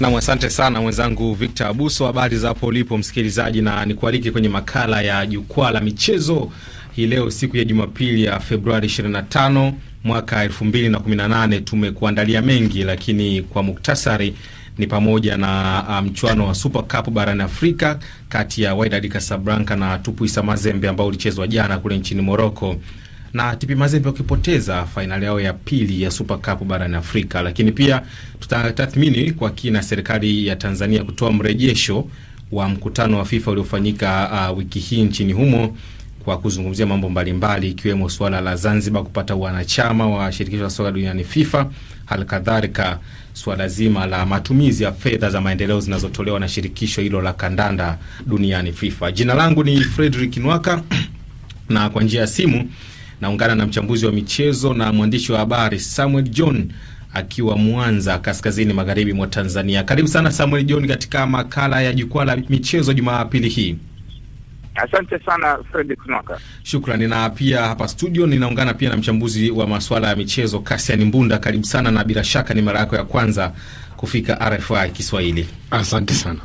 Nam, asante sana mwenzangu Victor Abuso. Habari za hapo ulipo msikilizaji, na nikualike kwenye makala ya jukwaa la michezo hii leo, siku ya Jumapili ya Februari 25 mwaka 2018. Tumekuandalia mengi, lakini kwa muktasari ni pamoja na uh, mchuano um, wa Super Cup barani Afrika kati ya Wydad Casablanca na Tupuisa Mazembe ambao ulichezwa jana kule nchini Morocco na TP Mazembe wakipoteza fainali yao ya pili ya Super Cup barani Afrika. Lakini pia tutatathmini kwa kina serikali ya Tanzania kutoa mrejesho wa mkutano wa FIFA uliofanyika uh, wiki hii nchini humo kwa kuzungumzia mambo mbalimbali ikiwemo mbali, suala la Zanzibar kupata wanachama wa shirikisho la soka duniani FIFA, hali kadhalika suala zima la matumizi ya fedha za maendeleo zinazotolewa na shirikisho hilo la kandanda duniani FIFA. Jina langu ni Fredrick Nwaka na kwa njia ya simu Naungana na mchambuzi wa michezo na mwandishi wa habari Samuel John akiwa Mwanza, kaskazini magharibi mwa Tanzania. Karibu sana Samuel John katika makala ya jukwaa la michezo Jumapili hii. Asante sana Fred Kunoka. Shukrani. Na pia hapa studio ninaungana pia na mchambuzi wa masuala ya michezo Kasiani Mbunda. Karibu sana, na bila shaka ni mara yako ya kwanza kufika RFI Kiswahili. Asante sana.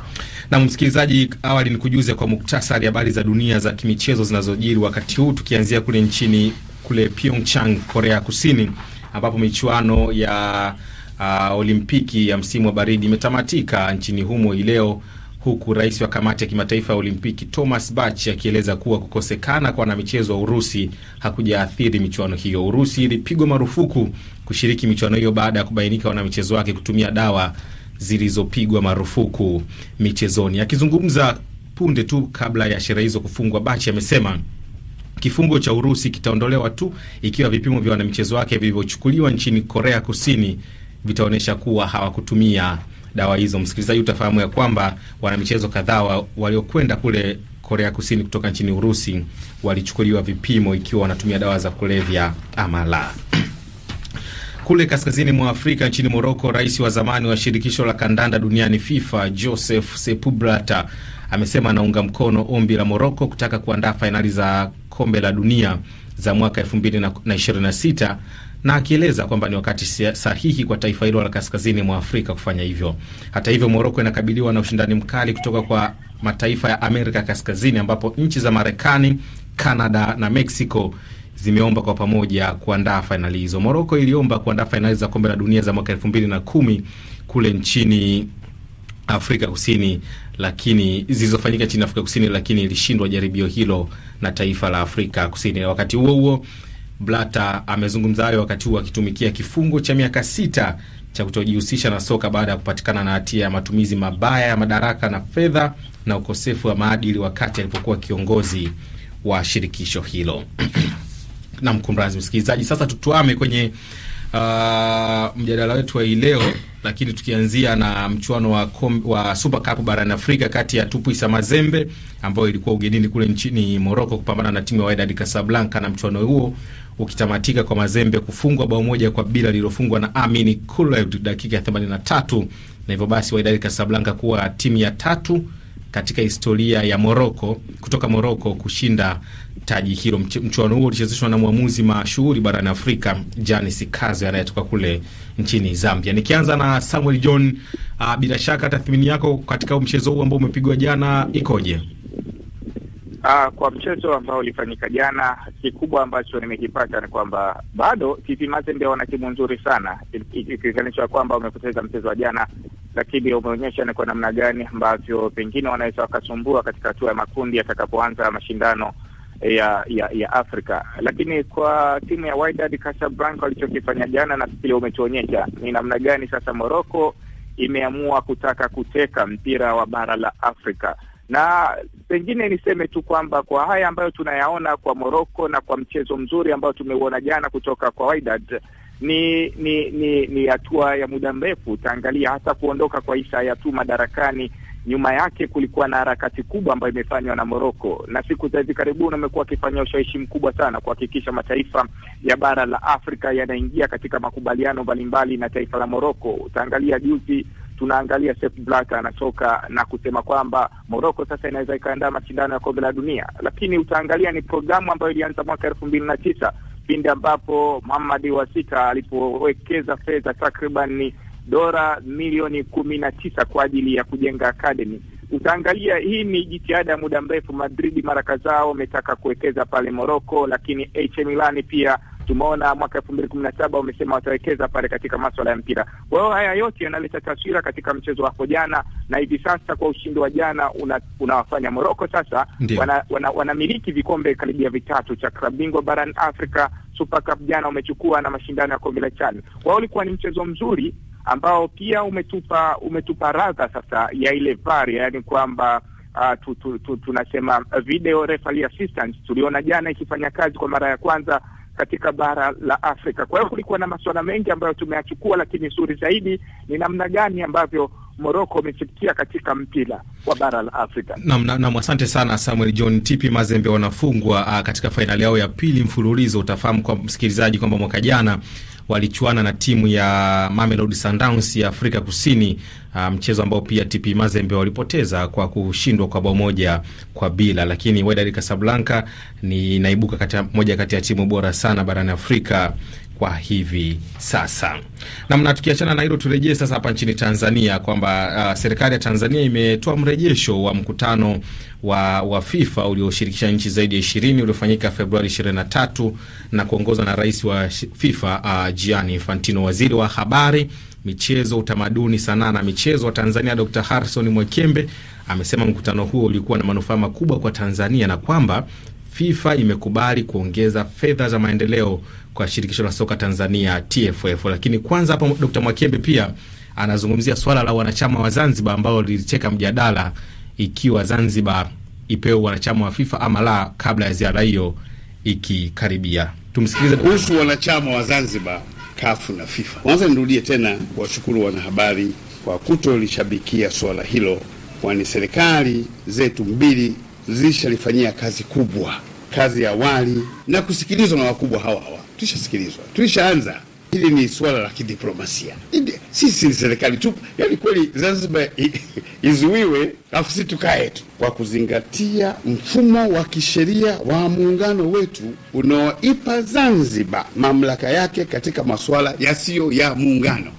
Na msikilizaji, awali ni kujuze kwa muktasari habari za dunia za kimichezo zinazojiri wakati huu, tukianzia kule nchini kule Pyeongchang, Korea Kusini, ambapo michuano ya uh, Olimpiki ya msimu wa baridi imetamatika nchini humo hii leo huku rais wa kamati ya kimataifa ya Olimpiki Thomas Bach akieleza kuwa kukosekana kwa wanamichezo wa Urusi hakujaathiri michuano hiyo. Urusi ilipigwa marufuku kushiriki michuano hiyo baada ya kubainika wanamichezo wake kutumia dawa zilizopigwa marufuku michezoni. Akizungumza punde tu kabla ya sherehe hizo kufungwa, Bach amesema kifungo cha Urusi kitaondolewa tu ikiwa vipimo vya wanamichezo wake vilivyochukuliwa nchini Korea Kusini vitaonyesha kuwa hawakutumia dawa hizo. Msikilizaji, utafahamu ya kwamba wanamichezo kadhaa waliokwenda kule Korea Kusini kutoka nchini Urusi walichukuliwa vipimo ikiwa wanatumia dawa za kulevya ama la. Kule kaskazini mwa Afrika, nchini Moroko, rais wa zamani wa shirikisho la kandanda duniani FIFA Joseph Sepublata amesema anaunga mkono ombi la Moroko kutaka kuandaa fainali za kombe la dunia za mwaka 2026 na na, na akieleza kwamba ni wakati sahihi kwa taifa hilo la kaskazini mwa Afrika kufanya hivyo. Hata hivyo, Moroko inakabiliwa na ushindani mkali kutoka kwa mataifa ya Amerika Kaskazini, ambapo nchi za Marekani, Kanada na Mexico zimeomba kwa pamoja kuandaa fainali hizo. Moroko iliomba kuandaa fainali za kombe la dunia za mwaka elfu mbili na kumi kule nchini Afrika Kusini, lakini zilizofanyika chini Afrika Kusini, lakini ilishindwa jaribio hilo na taifa la Afrika Kusini. Wakati huo huo, Blatter amezungumza hayo wakati huo akitumikia kifungo cha miaka sita cha kutojihusisha na soka baada ya kupatikana na hatia ya matumizi mabaya ya madaraka na fedha na ukosefu wa maadili wakati alipokuwa kiongozi wa shirikisho hilo. Namkumrazi msikilizaji, sasa tutuame kwenye uh, mjadala wetu wa hii leo lakini tukianzia na mchuano wa, wa Super Cup barani Afrika kati ya Tupuisa Mazembe ambayo ilikuwa ugenini kule nchini moroko kupambana na timu ya Wydad Casablanca na mchuano huo ukitamatika kwa Mazembe kufungwa bao moja kwa bila lililofungwa na Amin Kulev dakika ya 83 na hivyo basi Wydad Casablanca kuwa timu ya tatu katika historia ya Moroko kutoka Moroko kushinda taji hilo. Mchuano huo ulichezeshwa na mwamuzi mashuhuri barani Afrika Janis Kazo anayetoka kule nchini Zambia. Nikianza na Samuel John, uh, bila shaka tathmini yako katika mchezo huu ambao umepigwa jana ikoje? Uh, kwa mchezo ambao ulifanyika jana, kikubwa ambacho nimekipata ni kwamba bado TP Mazembe wana timu nzuri sana, ikilinganishwa kwamba wamepoteza mchezo wa jana lakini umeonyesha ni kwa namna gani ambavyo pengine wanaweza wakasumbua katika hatua ya makundi yatakapoanza mashindano ya, ya ya Afrika. Lakini kwa timu ya Wydad Casablanca walichokifanya jana, nafikiri umetuonyesha ni namna gani sasa Morocco imeamua kutaka kuteka mpira wa bara la Afrika, na pengine niseme tu kwamba kwa haya ambayo tunayaona kwa Morocco na kwa mchezo mzuri ambao tumeuona jana kutoka kwa Wydad ni ni ni ni hatua ya muda mrefu. Utaangalia hata kuondoka kwa Isa tu madarakani, nyuma yake kulikuwa na harakati kubwa ambayo imefanywa na Moroko, na siku za hivi karibuni amekuwa akifanya ushawishi mkubwa sana kuhakikisha mataifa ya bara la Afrika yanaingia katika makubaliano mbalimbali na taifa la Moroko. Utaangalia juzi tunaangalia Sepp Blatter na kusema kwamba Moroko sasa inaweza ikaandaa mashindano ya kombe la dunia, lakini utaangalia ni programu ambayo ilianza mwaka elfu mbili na tisa pindi ambapo Muhamadi Wasita alipowekeza fedha takriban dola milioni kumi na tisa kwa ajili ya kujenga akademi. Utaangalia hii ni jitihada ya muda mrefu. Madridi mara kadhaa wametaka kuwekeza pale Moroko, lakini AC Milan pia Tumeona mwaka elfu mbili kumi na saba wamesema watawekeza pale katika maswala ya mpira. Kwa hiyo haya yote yanaleta taswira katika mchezo wako jana na hivi sasa, kwa ushindi wa jana unawafanya una Moroko sasa wanamiliki wana vikombe karibia vitatu cha klabu bingwa barani Afrika, Super Cup jana wamechukua na mashindano ya kombe la CHAN. Kwa hiyo ulikuwa ni mchezo mzuri ambao pia umetupa umetupa radha sasa ya ile VAR, yaani kwamba uh, tu, tu, tu, tunasema video referee assistance tuliona jana ikifanya kazi kwa mara ya kwanza katika bara la Afrika. Kwa hiyo kulikuwa na masuala mengi ambayo tumeyachukua, lakini zuri zaidi ni namna gani ambavyo Moroko imefikia katika mpira wa bara la Afrika. Naam, na, asante sana Samuel John. TP Mazembe wanafungwa ah, katika fainali yao ya pili mfululizo. Utafahamu kwa msikilizaji kwamba mwaka jana walichuana na timu ya Mamelodi Sundowns ya Afrika Kusini, uh, mchezo um, ambao pia TP Mazembe walipoteza kwa kushindwa kwa bao moja kwa bila, lakini Wydad Casablanca ni naibuka kati moja kati ya timu bora sana barani Afrika kwa hivi sasa. Namna tukiachana na hilo, turejee sasa hapa nchini Tanzania kwamba uh, serikali ya Tanzania imetoa mrejesho wa mkutano wa, wa FIFA ulioshirikisha nchi zaidi ya ishirini uliofanyika Februari 23 na kuongozwa na rais wa FIFA uh, Gianni Infantino. Waziri wa habari, michezo, utamaduni, sanaa na michezo wa Tanzania Dr. Harrison Mwekembe amesema mkutano huo ulikuwa na manufaa makubwa kwa Tanzania na kwamba FIFA imekubali kuongeza fedha za maendeleo kwa shirikisho la soka Tanzania TFF. Lakini kwanza hapa Dr. Mwakembe pia anazungumzia swala la wanachama wa Zanzibar ambao liliteka mjadala ikiwa Zanzibar ipewe wanachama wa FIFA ama la, kabla ya ziara hiyo ikikaribia. Tumsikilize kuhusu wanachama wa Zanzibar kafu na FIFA. Kwanza nirudie tena kuwashukuru wanahabari kwa kutolishabikia swala hilo, kwani serikali zetu mbili zishalifanyia kazi kubwa, kazi ya awali na kusikilizwa na wakubwa hawa hawa. Tulishasikilizwa, tulishaanza. Hili ni suala la kidiplomasia, sisi ni serikali tu. Yani kweli Zanzibar izuiwe alafu sisi tukae tu, kwa kuzingatia mfumo wa kisheria wa muungano wetu unaoipa Zanzibar mamlaka yake katika masuala yasiyo ya muungano.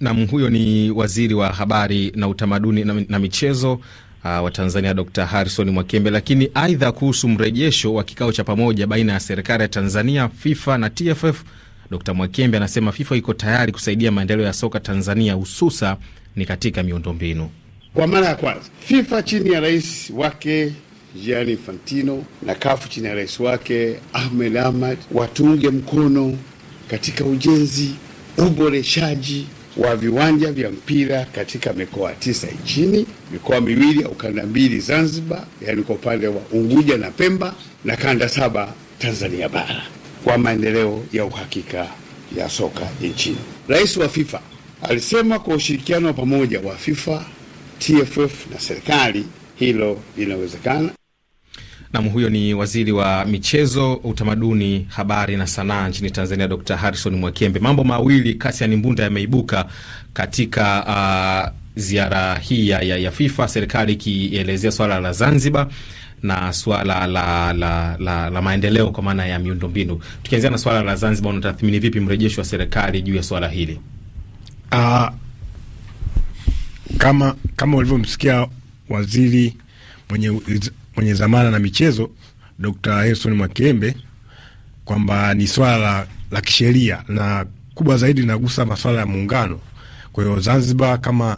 Nam, huyo ni waziri wa habari na utamaduni na, na michezo uh, wa Tanzania Dr. Harrison Mwakembe. Lakini aidha kuhusu mrejesho wa kikao cha pamoja baina ya serikali ya Tanzania, FIFA na TFF, Dr. Mwakembe anasema FIFA iko tayari kusaidia maendeleo ya soka Tanzania, hususa ni katika miundombinu. Kwa mara ya kwanza FIFA chini ya rais wake Gianni Infantino na kafu chini ya rais wake Ahmed Ahmad watunge mkono katika ujenzi, uboreshaji wa viwanja vya mpira katika mikoa tisa nchini, mikoa miwili ya ukanda mbili Zanzibar, yaani kwa upande wa Unguja na Pemba, na kanda saba Tanzania bara kwa maendeleo ya uhakika ya soka nchini. Rais wa FIFA alisema kwa ushirikiano wa pamoja wa FIFA, TFF na serikali hilo linawezekana. Nam, huyo ni waziri wa michezo, utamaduni, habari na sanaa nchini Tanzania, Dr Harrison Mwakembe. Mambo mawili Kasian Mbunda yameibuka katika uh, ziara hii ya, ya FIFA, serikali ikielezea swala la Zanzibar na swala la, la, la, la maendeleo kwa maana ya miundombinu. Tukianzia na swala la Zanzibar, unatathmini vipi mrejesho wa serikali juu ya swala hili? Uh, kama kama ulivyomsikia waziri mwenye, mwenye zamana na michezo Dr. Harrison mwakembe kwamba ni swala la, la kisheria na kubwa zaidi linagusa masuala ya muungano. Kwa hiyo Zanzibar kama,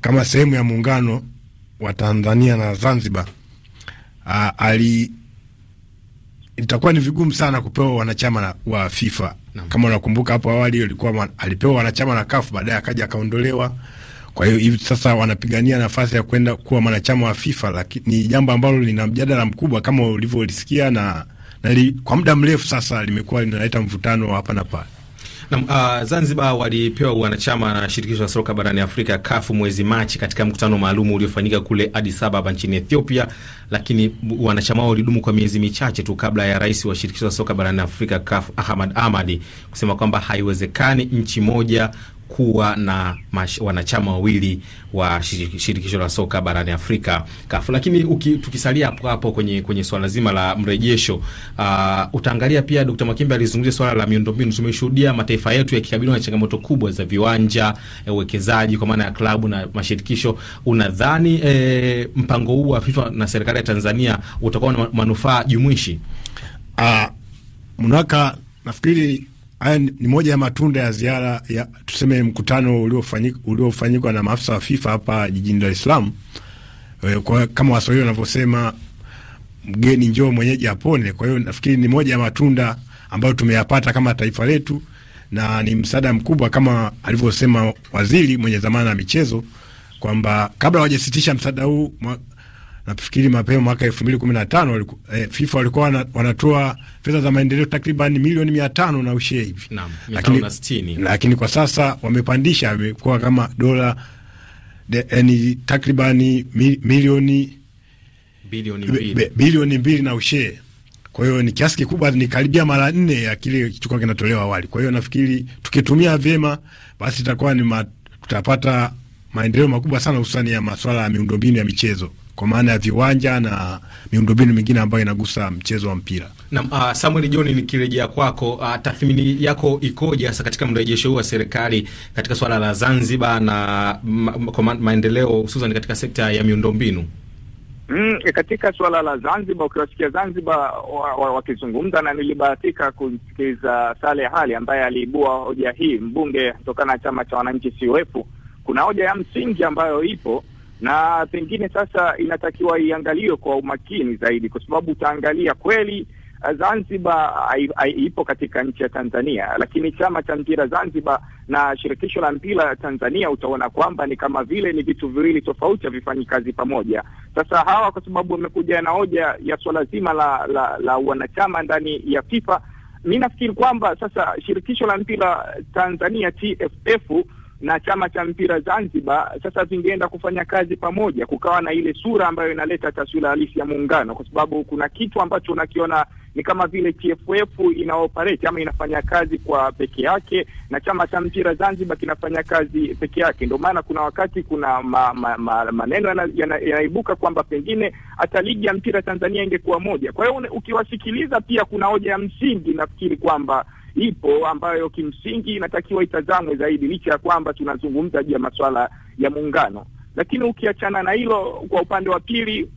kama sehemu ya muungano wa Tanzania na Zanzibar a, ali itakuwa ni vigumu sana kupewa wanachama na, wa FIFA na. Kama unakumbuka hapo awali ilikuwa alipewa wanachama na CAF baadaye akaja akaondolewa kwa hiyo hivi sasa wanapigania nafasi ya kwenda kuwa mwanachama wa FIFA, lakini ni jambo ambalo lina mjadala mkubwa kama ulivyolisikia na, na li, kwa muda mrefu sasa limekuwa linaleta mvutano hapa na pale. Uh, Zanzibar walipewa wanachama na shirikisho la soka barani Afrika kafu mwezi Machi katika mkutano maalum uliofanyika kule Addis Ababa nchini Ethiopia, lakini wanachama wao walidumu kwa miezi michache tu kabla ya rais wa shirikisho la soka barani Afrika kafu Ahmad Amadi kusema kwamba haiwezekani nchi moja kuwa na mash, wanachama wawili wa shirikisho la soka barani Afrika CAF. Lakini uki, tukisalia hapo hapo kwenye kwenye swala zima la mrejesho uh, utaangalia pia Dr. Makimbe alizungumzia swala la miundombinu. Tumeshuhudia mataifa yetu yakikabiliwa na changamoto kubwa za viwanja, eh, uwekezaji kwa maana ya klabu na mashirikisho. Unadhani e, mpango huu wa FIFA na serikali ya Tanzania utakuwa na manufaa jumuishi? Uh, mnaka nafikiri Haya ni moja ya matunda ya ziara ya tuseme mkutano uliofanyikwa na maafisa wa FIFA hapa jijini Dar es Salaam. E, kwa kama Waswahili wanavyosema mgeni njoo mwenyeji apone. Kwa hiyo nafikiri ni moja ya matunda ambayo tumeyapata kama taifa letu, na ni msaada mkubwa kama alivyosema waziri mwenye zamana ya michezo kwamba kabla hawajasitisha msaada huu nafikiri mapema mwaka elfu mbili kumi 2015 eh, FIFA walikuwa wana, wanatoa fedha za maendeleo takriban milioni mia tano na ushe hivi, lakini, lakini kwa sasa wamepandisha, amekuwa kama dola ni takribani milioni bilioni mbili na ushe. Kwa hiyo ni kiasi kikubwa, ni karibia mara nne ya kile kilichokuwa kinatolewa awali. Kwa hiyo nafikiri tukitumia vyema, basi itakuwa ni ma, tutapata maendeleo makubwa sana, hususani ya maswala ya miundombinu ya michezo kwa maana ya viwanja na miundombinu mingine ambayo inagusa mchezo wa mpira. na uh, ah, Samuel John, nikirejea kwako, uh, tathmini yako ikoje hasa katika mrejesho huu wa serikali katika swala la Zanzibar na ma, ma, maendeleo hususan katika sekta ya miundombinu? Mm, katika suala la Zanzibar, ukiwasikia Zanzibar wakizungumza wa, wa na nilibahatika kumsikiza Saleh Ali ambaye aliibua hoja hii, mbunge kutokana na chama cha wananchi CUF. Kuna hoja ya msingi ambayo ipo na pengine sasa inatakiwa iangaliwe kwa umakini zaidi, kwa sababu utaangalia kweli eh, Zanzibar ipo katika nchi ya Tanzania, lakini chama cha mpira Zanzibar na shirikisho la mpira Tanzania utaona kwamba ni kama vile ni vitu viwili tofauti, havifanyi kazi pamoja. Sasa hawa kwa sababu wamekuja na hoja ya swala zima la, la, la wanachama ndani ya FIFA, mi nafikiri kwamba sasa shirikisho la mpira Tanzania TFF na chama cha mpira Zanzibar sasa vingeenda kufanya kazi pamoja, kukawa na ile sura ambayo inaleta taswira halisi ya muungano, kwa sababu kuna kitu ambacho unakiona ni kama vile TFF inaoperate ama inafanya kazi kwa peke yake na chama cha mpira Zanzibar kinafanya kazi peke yake. Ndio maana kuna wakati kuna ma, ma, ma, maneno yanaibuka yana, kwamba pengine hata ligi ya mpira Tanzania ingekuwa moja. Kwa hiyo ukiwasikiliza pia kuna hoja ya msingi nafikiri kwamba ipo ambayo kimsingi inatakiwa itazamwe zaidi, licha ya kwamba tunazungumza juu ya masuala ya muungano. Lakini ukiachana na hilo, kwa upande wa pili,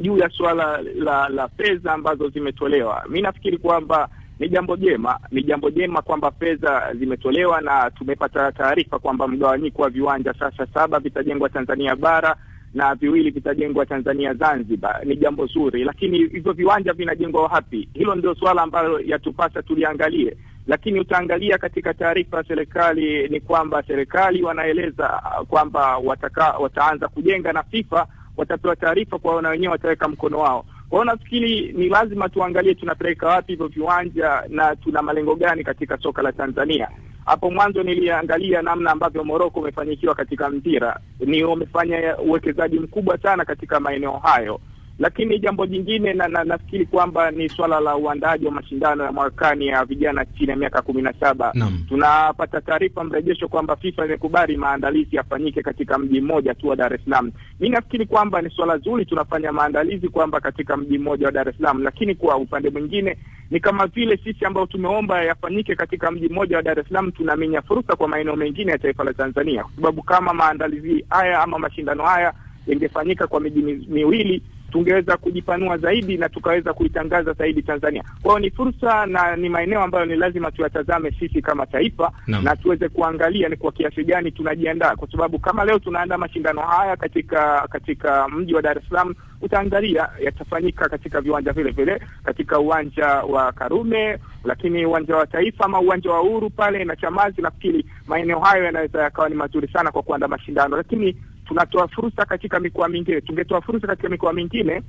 juu ya suala la la fedha ambazo zimetolewa, mi nafikiri kwamba ni jambo jema, ni jambo jema kwamba fedha zimetolewa, na tumepata taarifa kwamba mgawanyiko wa viwanja sasa saba vitajengwa Tanzania bara na viwili vitajengwa Tanzania Zanzibar, ni jambo zuri, lakini hivyo viwanja vinajengwa wapi? Hilo ndio suala ambalo yatupasa tuliangalie. Lakini utaangalia katika taarifa ya serikali ni kwamba serikali wanaeleza kwamba wataka, wataanza kujenga na FIFA watapewa taarifa kwa wana wenyewe wataweka mkono wao kwa hiyo nafikiri ni lazima tuangalie tunapeleka wapi hivyo viwanja na tuna malengo gani katika soka la Tanzania. Hapo mwanzo niliangalia namna ambavyo Moroko umefanyikiwa katika mpira, ni wamefanya uwekezaji mkubwa sana katika maeneo hayo lakini jambo jingine na, na, nafikiri kwamba ni swala la uandaji wa mashindano ya mwakani ya vijana chini ya miaka kumi na saba. Tunapata taarifa mrejesho kwamba FIFA imekubali maandalizi yafanyike katika mji mmoja tu wa Dar es Salaam. Mi nafikiri kwamba ni swala zuri, tunafanya maandalizi kwamba katika mji mmoja wa Dar es Salaam, lakini kwa upande mwingine ni kama vile sisi ambao tumeomba yafanyike katika mji mmoja wa Dar es Salaam tunaminya fursa kwa maeneo mengine ya taifa la Tanzania, kwa sababu kama maandalizi haya ama mashindano haya yangefanyika kwa miji miwili tungeweza kujipanua zaidi na tukaweza kuitangaza zaidi Tanzania. Kwa hiyo ni fursa na ni maeneo ambayo ni lazima tuyatazame sisi kama taifa na, na tuweze kuangalia ni kwa kiasi gani tunajiandaa, kwa sababu kama leo tunaandaa mashindano haya katika katika mji wa Dar es Salaam, utaangalia yatafanyika katika viwanja vile vile katika uwanja wa Karume, lakini uwanja wa Taifa ama uwanja wa Uhuru pale na Chamazi. Nafikiri maeneo hayo yanaweza yakawa ni mazuri sana kwa kuandaa mashindano, lakini tunatoa fursa katika mikoa mingine. Tungetoa fursa katika mikoa mingine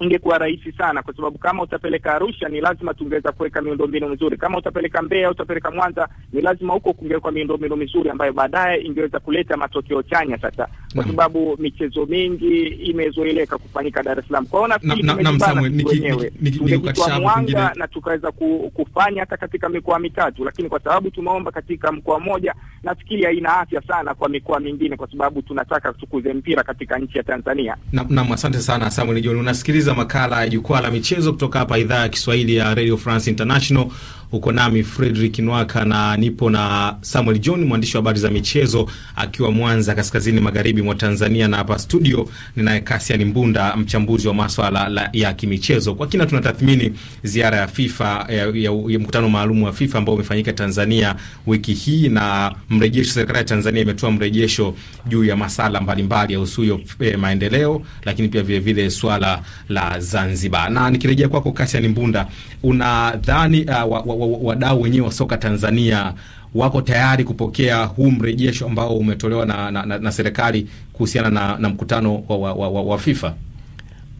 ingekuwa rahisi sana, kwa sababu kama utapeleka Arusha ni lazima tungeweza kuweka miundombinu mizuri. Kama utapeleka Mbeya, utapeleka Mwanza, ni lazima huko kungewekwa miundombinu mizuri ambayo baadaye ingeweza kuleta matokeo chanya. Sasa kwa sababu michezo mingi imezoeleka kufanyika Dar es Salaam. Kwa hiyo nafikiri tungejitoa mwanga na tukaweza kufanya hata katika mikoa mitatu, lakini kwa sababu tumeomba katika mkoa mmoja, nafikiri haina afya sana kwa mikoa mingine, kwa sababu tunataka tukuze mpira katika nchi ya Tanzania. Naam, asante sana Samuel John. Unasikiliza makala ya Jukwaa la Michezo kutoka hapa idhaa ya Kiswahili ya Radio France International. Huko nami Fredrick Nwaka na nipo na Samuel John, mwandishi wa habari za michezo akiwa Mwanza, kaskazini magharibi mwa Tanzania, na hapa studio ninaye Kasian Mbunda, mchambuzi wa maswala ya kimichezo. Kwa kina tunatathmini ziara ya FIFA ya, ya, ya mkutano maalum wa FIFA ambao umefanyika Tanzania wiki hii, na mrejesho, serikali ya Tanzania imetoa mrejesho juu ya masala mbalimbali yahusuyo eh, maendeleo, lakini pia vilevile vile swala la Zanzibar. Na nikirejea kwako Kasian Mbunda, unadhani uh, wadau wenyewe wa soka Tanzania wako tayari kupokea huu mrejesho ambao umetolewa na, na, na, na serikali kuhusiana na, na mkutano wa, wa, wa, wa FIFA?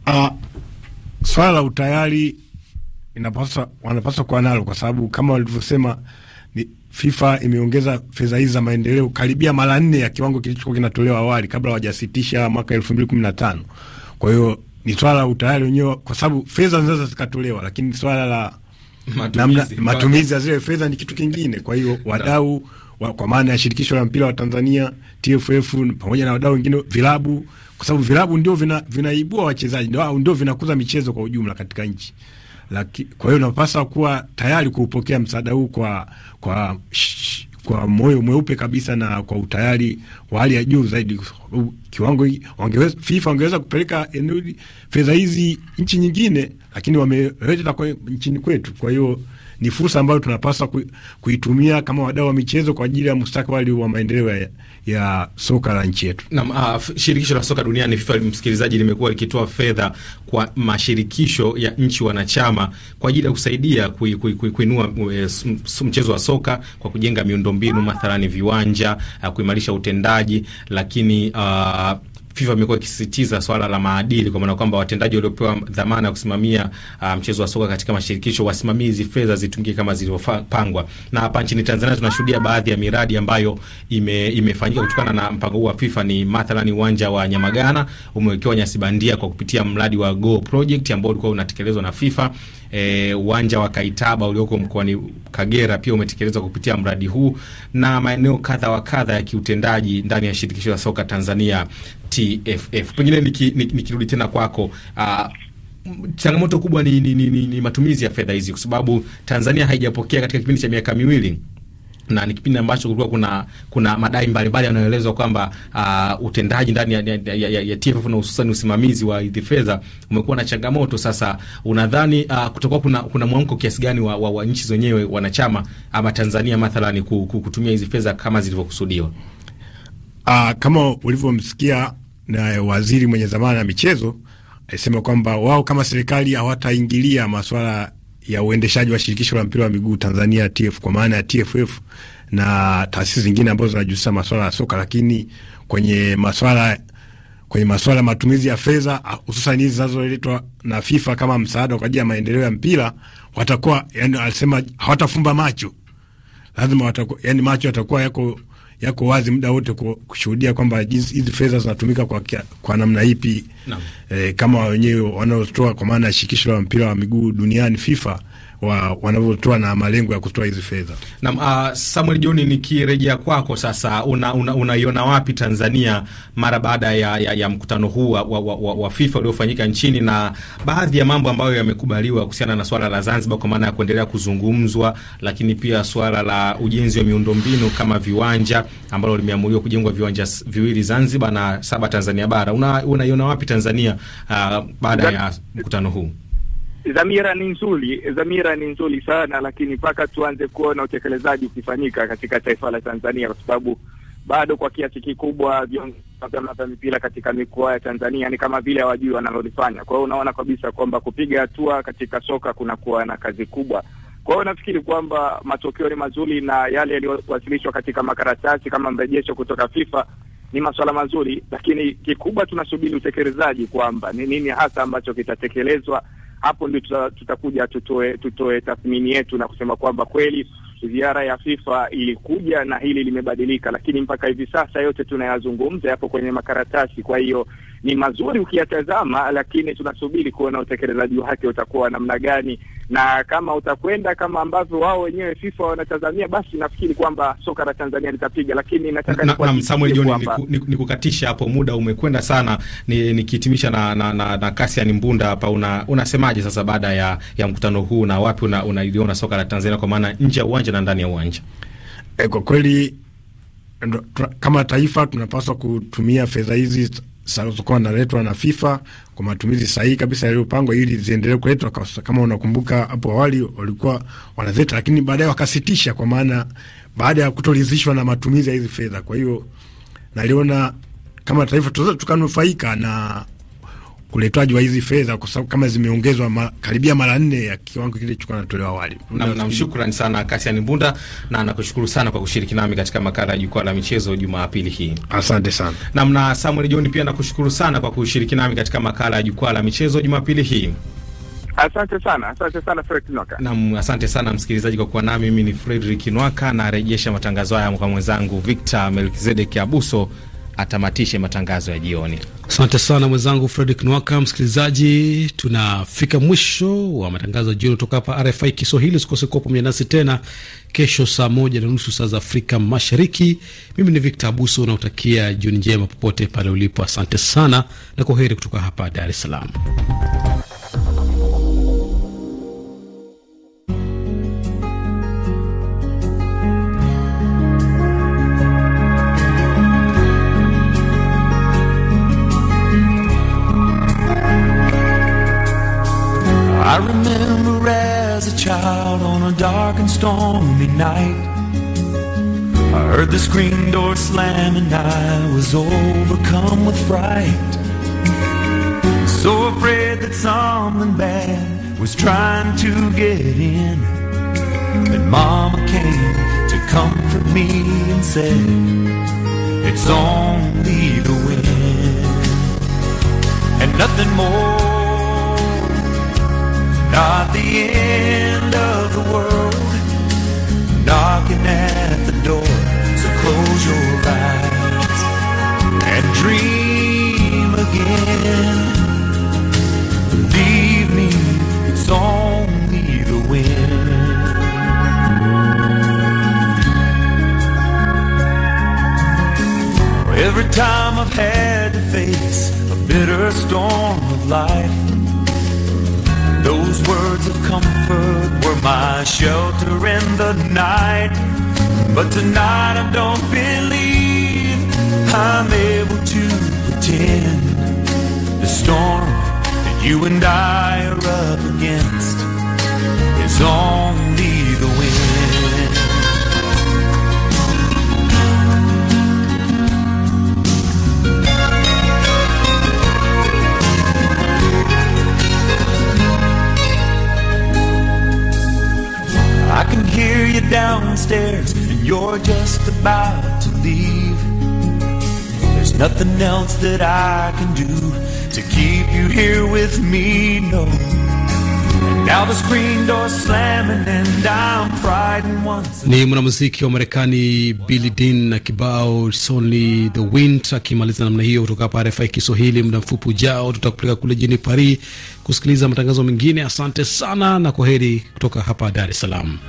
Uh, swala la utayari inapaswa, wanapaswa kuwa nalo kwa sababu kama walivyosema ni FIFA imeongeza fedha hizi za maendeleo karibia mara nne ya kiwango kilichokuwa kinatolewa awali kabla hawajasitisha mwaka elfu mbili kumi na tano. Kwa hiyo ni swala la utayari wenyewe, kwa sababu fedha zinaweza zikatolewa, lakini swala la matumizi ya zile fedha ni kitu kingine. Kwa hiyo wadau wa, kwa maana ya shirikisho la mpira wa Tanzania TFF pamoja na wadau wengine vilabu, kwa sababu vilabu ndio vina, vinaibua wachezaji ndio, ndio vinakuza michezo kwa ujumla katika nchi. Laki, kwa hiyo unapaswa kuwa tayari kuupokea msaada huu kwa kwa sh, kwa moyo mweupe kabisa na kwa utayari wa hali ya juu zaidi. Kiwango wangeweza, FIFA wangeweza kupeleka fedha hizi nchi nyingine, lakini wameleta nchini kwetu, kwa hiyo ni fursa ambayo tunapaswa kuitumia kama wadau wa michezo kwa ajili ya mustakabali wa maendeleo ya, ya soka la nchi yetu. Naam, uh, shirikisho la soka duniani FIFA, msikilizaji, limekuwa likitoa fedha kwa mashirikisho ya nchi wanachama kwa ajili ya kusaidia kuinua eh, mchezo wa soka kwa kujenga miundombinu mathalani viwanja, uh, kuimarisha utendaji, lakini uh, FIFA imekuwa ikisisitiza swala la maadili, kwa maana kwamba watendaji waliopewa dhamana ya kusimamia uh, mchezo wa soka katika mashirikisho hizi fedha zitumike kama zilivyopangwa. Na hapa nchini Tanzania tunashuhudia baadhi ya miradi ambayo ime, imefanyika kutokana na mpango huu wa FIFA. Ni mathalani uwanja wa Nyamagana umewekewa nyasi bandia kwa kupitia mradi wa Go Project ambao ulikuwa unatekelezwa na FIFA. E, Uwanja wa Kaitaba ulioko mkoani Kagera pia umetekelezwa kupitia mradi huu na maeneo kadha wa kadha ya kiutendaji ndani ya shirikisho la soka Tanzania. TFF. Pengine nikirudi niki, tena kwako uh, changamoto kubwa ni, ni, ni, ni, ni matumizi ya fedha hizi, kwa sababu Tanzania haijapokea katika kipindi cha miaka miwili na ni kipindi ambacho kulikuwa kuna kuna madai mbalimbali yanayoelezwa kwamba uh, utendaji ndani ya, ya, ya, ya TFF na hususan usimamizi wa hizi fedha umekuwa na changamoto. Sasa unadhani uh, kutakuwa kuna, kuna mwamko kiasi gani wa, wa, wa nchi zenyewe wanachama ama Tanzania mathalani kutumia hizi fedha kama zilivyokusudiwa? Uh, kama ulivyomsikia na waziri mwenye zamana ya michezo alisema kwamba wao kama serikali hawataingilia masuala ya uendeshaji wa shirikisho la mpira wa miguu Tanzania TF, kwa maana ya TFF na taasisi zingine ambazo zinajihusisha masuala ya soka, lakini kwenye masuala kwenye masuala ya matumizi ya fedha hususan hizi zinazoletwa na FIFA kama msaada kwa ajili ya maendeleo ya mpira watakuwa, yani alisema hawatafumba macho, lazima watakuwa, yani macho yatakuwa yako yako wazi muda wote kushuhudia kwamba hizi fedha zinatumika kwa, kwa namna ipi na. E, eh, kama wenyewe wanaotoa kwa maana ya shirikisho la mpira wa miguu duniani FIFA wa wanavyotoa na malengo ya kutoa hizi fedha. Naam, uh, Samuel John, nikirejea kwako sasa, unaiona una, una wapi Tanzania mara baada ya, ya, ya mkutano huu wa, wa, wa, wa FIFA uliofanyika nchini na baadhi ya mambo ambayo yamekubaliwa kuhusiana na swala la Zanzibar kwa maana ya kuendelea kuzungumzwa, lakini pia swala la ujenzi wa miundombinu kama viwanja ambalo limeamuriwa kujengwa viwanja viwili Zanzibar na saba Tanzania bara. Unaiona una wapi Tanzania uh, baada ya mkutano huu? Dhamira ni nzuri, dhamira ni nzuri sana, lakini mpaka tuanze kuona utekelezaji ukifanyika katika taifa la Tanzania, kwa sababu bado kwa kiasi kikubwa viongozi wa vyama vya mipira katika mikoa ya Tanzania ni kama vile hawajui wanalolifanya. Kwa hiyo unaona kabisa kwamba kupiga hatua katika soka kunakuwa na kazi kubwa. Kwa hiyo nafikiri kwamba matokeo ni mazuri na yale yaliyowasilishwa katika makaratasi kama mrejesho kutoka FIFA ni masuala mazuri, lakini kikubwa tunasubiri utekelezaji kwamba ni nini hasa ambacho kitatekelezwa hapo ndio tutakuja tutoe tutoe tathmini yetu na kusema kwamba kweli ziara ya FIFA ilikuja na hili limebadilika, lakini mpaka hivi sasa yote tunayazungumza yapo kwenye makaratasi. Kwa hiyo ni mazuri ukiyatazama, lakini tunasubiri kuona utekelezaji wake utakuwa namna gani, na kama utakwenda kama ambavyo wao wenyewe FIFA wanatazamia, basi nafikiri kwamba soka la Tanzania litapiga. Lakini nataka Samuel John, nikukatisha hapo, muda umekwenda sana, nikihitimisha ni na, na, na, na Kasian Mbunda hapa, unasemaje una sasa baada ya, ya mkutano huu na wapi unaliona una soka la Tanzania kwa maana nje ya uwanja tena ndani ya uwanja. E, kwa kweli kama taifa tunapaswa kutumia fedha hizi zinazokuwa naletwa na FIFA kwa matumizi sahihi kabisa yaliyopangwa ili ziendelee kuletwa. Kama unakumbuka hapo awali walikuwa wanazeta, lakini baadaye wakasitisha, kwa maana baada ya kutoridhishwa na matumizi ya hizi fedha. Kwa hiyo naliona kama taifa tukanufaika na uletwaji wa hizi fedha kwa sababu kama zimeongezwa ma, karibia mara nne ya kiwango kile chukua natolewa awali. na sana Kasiani Bunda na nakushukuru sana kwa kushiriki nami katika makala ya jukwaa la michezo Jumapili hii. Asante sana. Nam na Samuel John pia nakushukuru sana kwa kushiriki nami katika makala ya jukwaa la michezo Jumapili hii. Asante sana, asante sana Fredrick Nwaka. Naam, asante sana msikilizaji kwa kuwa nami. Mimi ni Fredrick Nwaka narejesha matangazo haya kwa mwenzangu Victor Melkizedek Abuso atamatishe matangazo ya jioni. Asante sana mwenzangu Fredrick Nwaka. Msikilizaji, tunafika mwisho wa matangazo ya jioni kutoka hapa RFI Kiswahili. Usikose kuwa pamoja nasi tena kesho saa moja na nusu saa za Afrika Mashariki. Mimi ni Victor Abuso, unaotakia jioni njema popote pale ulipo. Asante sana na kwa heri kutoka hapa Dar es Salaam. I remember as a child on a dark and stormy night. I heard the screen door slam and I was overcome with fright. So afraid that something bad was trying to get in. And Mama came to comfort me and said, It's only the wind and nothing more. Not the end of the world knocking at the door. So close your eyes and dream again. Believe me, it's only the wind. Every time I've had to face a bitter storm of life words of comfort were my shelter in the night. But tonight I don't believe I'm able to pretend the storm that you and I are up against is on I can hear you downstairs, and you're just about to leave. There's nothing else that I can do to keep you here with me, no. Ni mwanamuziki wa Marekani Billy Dean na kibao It's the Wind. Akimaliza namna hiyo, kutoka hapa RFI Kiswahili, muda mfupi ujao tutakupeleka kule jini Paris kusikiliza matangazo mengine. Asante sana na kwa heri kutoka hapa Dar es Salaam.